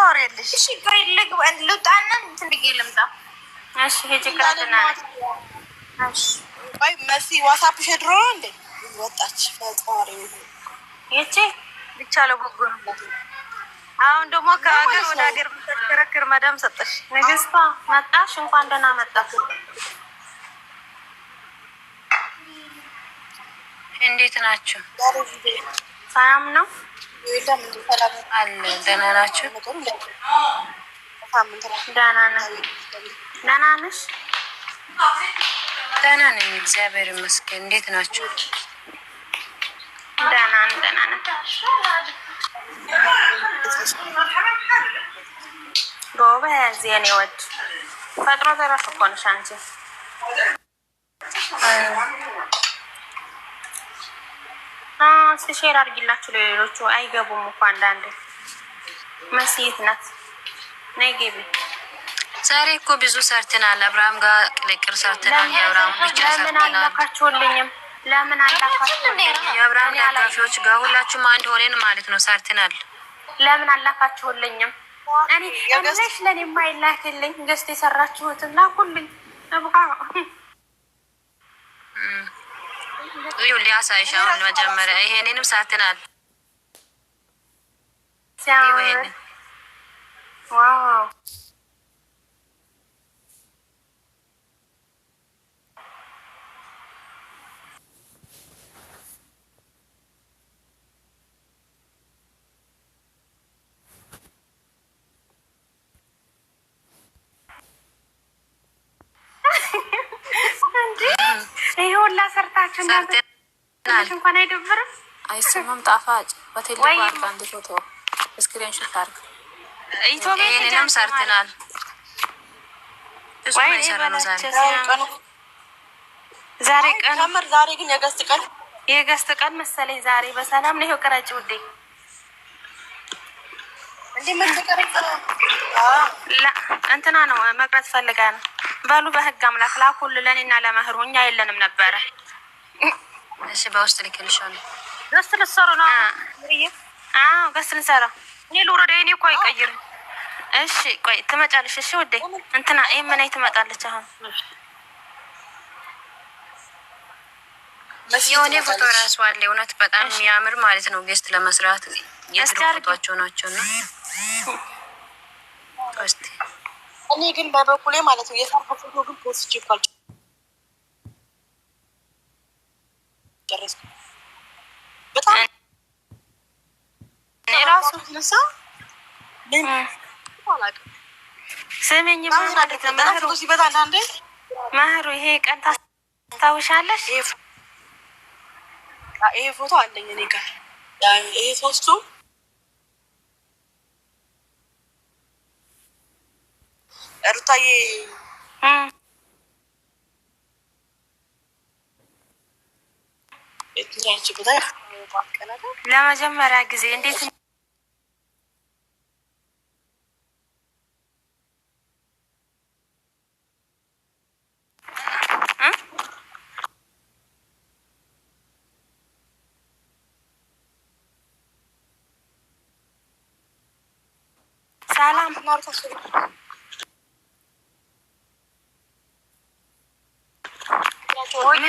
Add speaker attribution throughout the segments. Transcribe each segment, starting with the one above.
Speaker 1: ታወሪያለሽ።
Speaker 2: እሺ ቆይ ልውጣና እንትን ብዬሽ ልምጣ።
Speaker 1: እሺ ሂጂ ቅርድና እሺ
Speaker 3: ቆይ መሲ ዋትስአፕ ሸድሮ ነው እንዴ?
Speaker 4: ወጣች ፈጣሪ
Speaker 1: ይቺ ብቻ ለጎጎ ነው። አሁን ደግሞ ከሀገር ወደ ሀገር ብትከረክር መዳም ሰጠሽ። ንግስቷ መጣሽ፣ እንኳን ደህና መጣሽ።
Speaker 5: እንዴት ናችሁ? ሳያም ነው አለ። ደህና ናችሁ?
Speaker 1: ደህና ነሽ?
Speaker 5: ደህና ነኝ፣ እግዚአብሔር ይመስገን። እንዴት ናችሁ?
Speaker 1: ደህና ነን፣ ደህና ነን። ጎበዝ የኔ ወድ ፈጥሮ ተረፍ እኮ ነሽ አንቺ ቪዲዮውን ሼር አድርጊላችሁ ለሌሎቹ። አይገቡም እኮ አንዳንድ መስየት ናት ናይ ገቢ
Speaker 5: ዛሬ እኮ ብዙ ሰርተናል። አብርሃም ጋር ቅልቅል ሰርተናል። የአብርሃም ብቻ
Speaker 2: ሰርተናልአላካችሁልኝም ለምን አላካችሁልኝ?
Speaker 5: የአብርሃም ደጋፊዎች ጋር ሁላችሁም አንድ ሆነን ማለት ነው ሰርተናል።
Speaker 2: ለምን አላካችሁልኝም? እኔ እምልሽ ለእኔ የማይላክልኝ ገዝት የሰራችሁትን ላኩልኝ። እብቃ
Speaker 5: ሊያሳይሽ አሁን መጀመሪያ ይሄንንም ሳትናል
Speaker 1: ዋው
Speaker 2: ቡላ ሰርታችሁ እንኳን አይደብርም።
Speaker 5: አይሰማም ጣፋጭ በቴሌ ፓርክ አንድ ፎቶ ስክሪን ሹት አድርግ። ይህንንም ሰርተናል። ዛሬ ቀን
Speaker 3: ዛሬ ግን የገስት ቀን
Speaker 1: የገስት ቀን መሰለኝ። ዛሬ በሰላም ነው። ይኸው ቀረጭ ውዴ ምን እንትና ነው መቅረት ፈልጋ ነው በሉ በህግ አምላክ ላኩል ለእኔና ለመህሩ እኛ የለንም ነበረ።
Speaker 5: እሺ በውስጥ ልክልሻለሁ።
Speaker 3: ገስት ልትሰሩ ነው?
Speaker 1: አዎ ገስት ልንሰራ። እኔ ልውረድ። እኔ እኮ አይቀይርም። እሺ ቆይ ትመጫለሽ። እሺ ወደ እንትና የምናይ ትመጣለች። አሁን
Speaker 5: የሆነ ፎቶ ራሱ አለ። እውነት በጣም የሚያምር ማለት ነው። ገስት ለመስራት የድሮ ፎቶቸው ናቸው ነው እስቲ
Speaker 3: እኔ ግን በበኩሌ ማለት ነው የሰርጉ ፎቶ ግን ፖስት ይኳል በጣም
Speaker 1: ማህሩ ይሄ ቀን ታስታውሻለሽ?
Speaker 3: ይሄ ፎቶ አለኝ እኔ ጋር ይሄ ሶስቱም ሩታዬ
Speaker 1: ለመጀመሪያ ጊዜ እንዴት ሰላም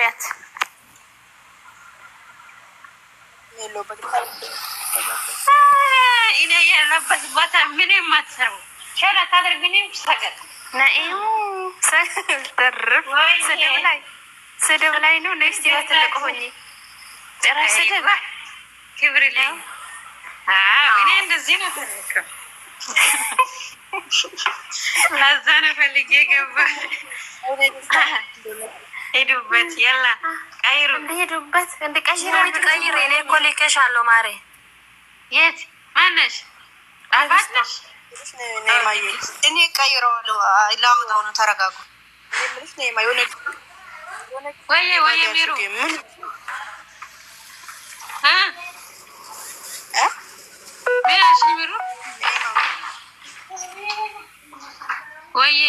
Speaker 1: አብያት eh, እኔ ያለበት ቦታ ምንም አትሰሩ ሸራ ሰገጥ ስድብ ላይ ስድብ ላይ ነው። ነስቲ በትልቅ ሆኜ ጭራሽ ስድብ
Speaker 5: ክብር ላይ እኔ እንደዚህ ነው።
Speaker 1: ለዛ ነው ፈልጌ ገባ
Speaker 5: ሄዱበት የላ ቀይሩ
Speaker 1: ሄዱበት እንደ ቀይሩ ቀይሩ። እኔ እኮ ልኬሻለሁ ማሬ።
Speaker 5: የት ማነሽ? ጣፋትነሽ
Speaker 3: እኔ ቀይረዋለሁ። ላውጣው ነው። ተረጋጉ።
Speaker 5: ወይዬ ወይዬ ሚሩ ሚራሽ ሚሩ ወይዬ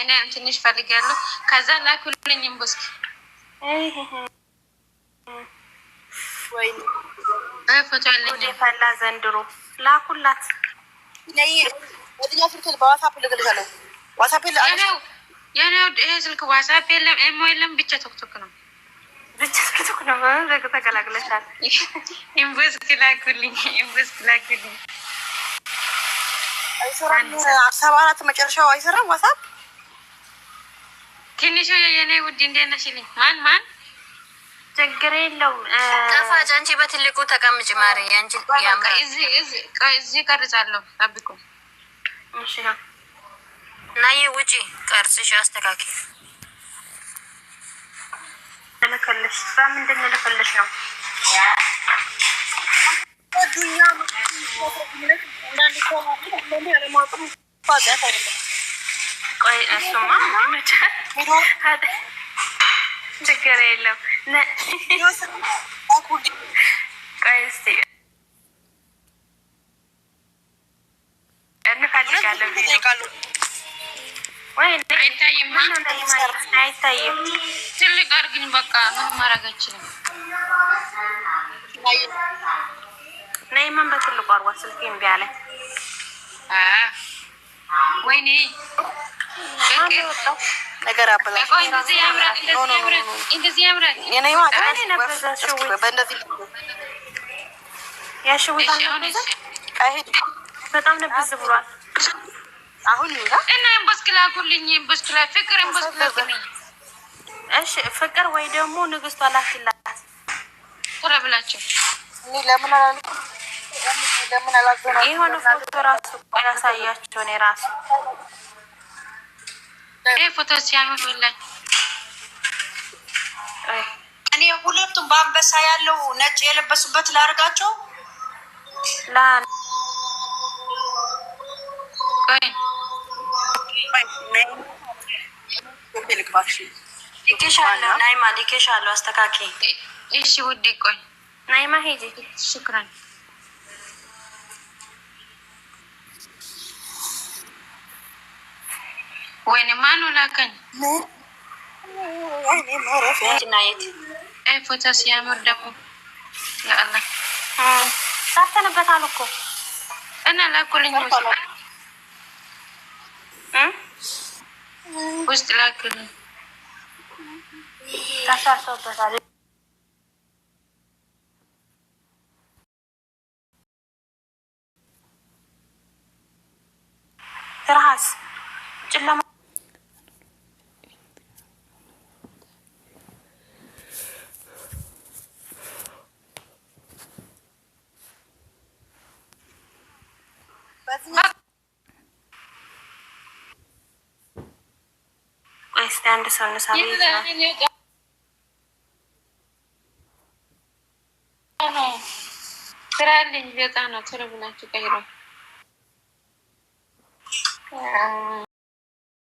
Speaker 5: እኔ ትንሽ ፈልጋለሁ። ከዛ ላኩልኝ እምቦስ ፎቶ
Speaker 1: ፈላ ዘንድሮ ላኩላት
Speaker 3: ይሄ
Speaker 5: ስልክ ዋትሳፕ የለም፣ ኢሞ የለም፣ ብቻ ቶክቶክ ነው።
Speaker 1: ብቻ ቶክቶክ ነው። ተቀላቅለሻል።
Speaker 5: ኢምቦስ ክላኩልኝ፣ ኢምቦስ ክላኩልኝ
Speaker 3: ሰባ አራት መጨረሻው አይሰራም። ዋሳብ
Speaker 5: ትንሹ የኔ ውድ እንዴት ነሽ? ማን ማን
Speaker 1: ችግር የለውም።
Speaker 5: ጣፋጭ አንቺ በትልቁ ተቀምጭ ማሪ። አንቺ እዚህ ቀርጻለሁ። ጠብቁ እና ውጪ ቀርጽሽ አስተካኪ።
Speaker 1: ልከለሽ ምንድን ልከለሽ ነው
Speaker 5: ችግር የለም። ቆይ እስኪ እንፈልጋለን። አይታይም አይታይም። ትልቅ አድርግን። በቃ ምን ማድረግ አይችልም።
Speaker 1: ሃይማን በትልቁ አርጓ ስልክ እምቢ አለኝ።
Speaker 5: ወይኔ
Speaker 3: ነገር በጣም አሁን እና
Speaker 5: ፍቅር እምቦስክላኩልኝ።
Speaker 1: እሺ ፍቅር ወይ ደግሞ ንግስቷ ላኪላት
Speaker 5: ብላቸው ለምን
Speaker 1: የሆነ ፎቶ ራሱ ቆይ ላሳያቸው። እኔ ራሱ
Speaker 5: ፎቶ
Speaker 3: እኔ ሁለቱም በአንበሳ ያለው ነጭ የለበሱበት ላርጋቸው
Speaker 1: ላ
Speaker 5: ልኬሻለሁ። አስተካኪ። እሺ ቆይ
Speaker 1: ናይማ ሽክራን
Speaker 5: Wani mano na kan? Wani mano na kan? Wani mano na kan? Wani mano na kan? Wani mano na kan? Wani mano
Speaker 1: na kan? Wani mano na
Speaker 5: እስቲ አንድ ሰው እንሳብ
Speaker 1: ስራ ነው። ቶሎ ብላችሁ ቀይረው።